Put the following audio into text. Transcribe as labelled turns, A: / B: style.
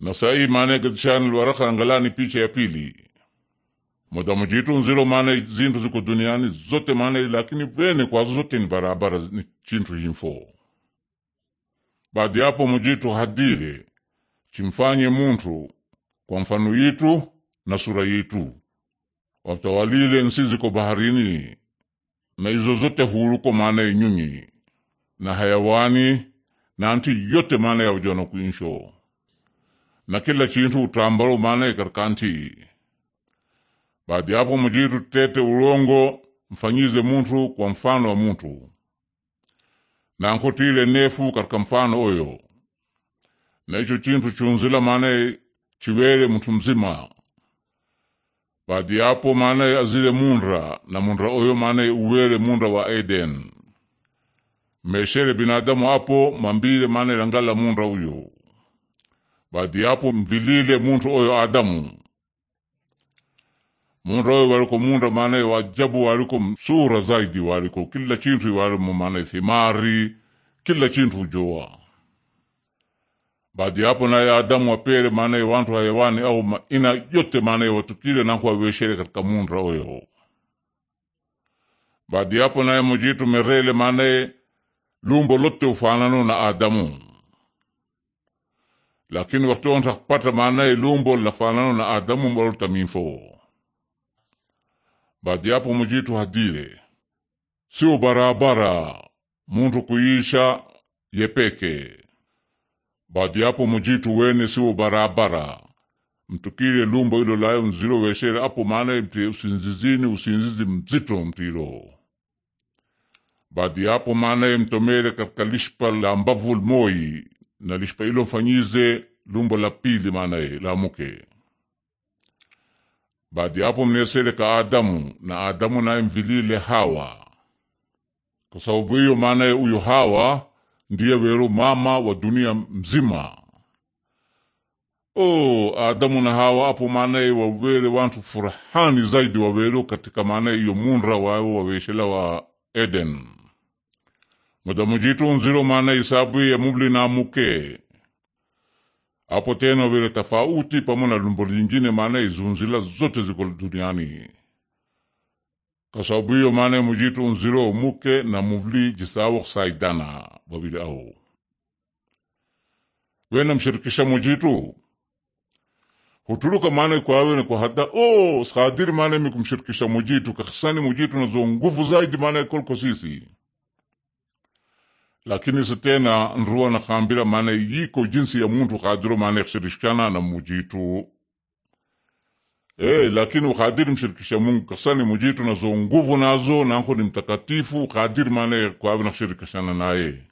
A: na sahi maana tishani lwaraka angalani picha ya pili madamu jitu nzilo maana zintu ziko duniani zote maana lakini vene kwazo zote ni barabara ni chintu himfo baadi yapo mujitu hadire chimfanye muntu kwa mfano yitu na sura yitu watawalile nsi ziko baharini na izo zote huruko maana inyunyi na hayawani na anti yote maana ya ujono kuinsho na kila chintu utambala umanaye karikanti baadi yapo mujitu tete ulongo mfanyize muntu kwa mfano wa muntu na nkotile nefu katika mfano oyo na icho chintu chunzila maana chiwele muntu mzima baadi yapo maana azile munda na munda oyo maana uwele munda wa Eden meshele binadamu apo mwambile maana langala munda uyo badi yapo mvilile muntu oyo adamu muntu oyo waliko munda maanaye wajabu waliko sura zaidi waliko kila chintu walimo maanaye thimari kila chintu joa badi yapo naye adamu wapele maanaye wantu hayawani au maina yote maanaye watukile naku waweshere katika munda oyo badi yapo naye mujitu merele maanaye lumbo lote ufanano na adamu lakini waktu tak pata maanaye lumbol na na adamu mbalol tamin fo baadi yapo mujitu hadile sio barabara muntu kuisha yepeke baadi yapo mujitu wene sio barabara mtukile lumbo ilo layo nzilo weshere apo maanaye mtie usinzizini usinzizi mzito mtilo baadi yapo maanaye mtomele katika lishpa la mbavu moi na lishpa ilo fanyize lumbo la pili maanaye la muke baadi apo mnesele ka Adamu na Adamu naye mvilile Hawa kwa sababu hiyo maanaye uyu Hawa ndiye weru mama wa dunia mzima o Adamu na Hawa apo maanaye wawere wantu furahani zaidi waweru katika maanaye iyo munra wao waweshela wa Eden madamujitunziro maana isabu ya muvuli na muke apo tena vile tafauti pamo na lumbo lingine maana izunzila zote ziko duniani kasabu hiyo maana mujitunziro muke na muvuli jisawo saidana wawili au wena mshirikisha mujitu hutuluka maana ni kwa hata o oh, skadiri maana mikumshirikisha mujitu kakisani mujitu nazo nguvu zaidi maana kolko sisi lakini si tena na nakambira maana yiko jinsi ya muntu kadiro mane kushirikishana na mujitu Eh, lakini ukadiri mshirikisha Mungu kasani mujitu nazo nguvu nazo nanko ni mtakatifu ukadiri maana kwavi kushirikishana naye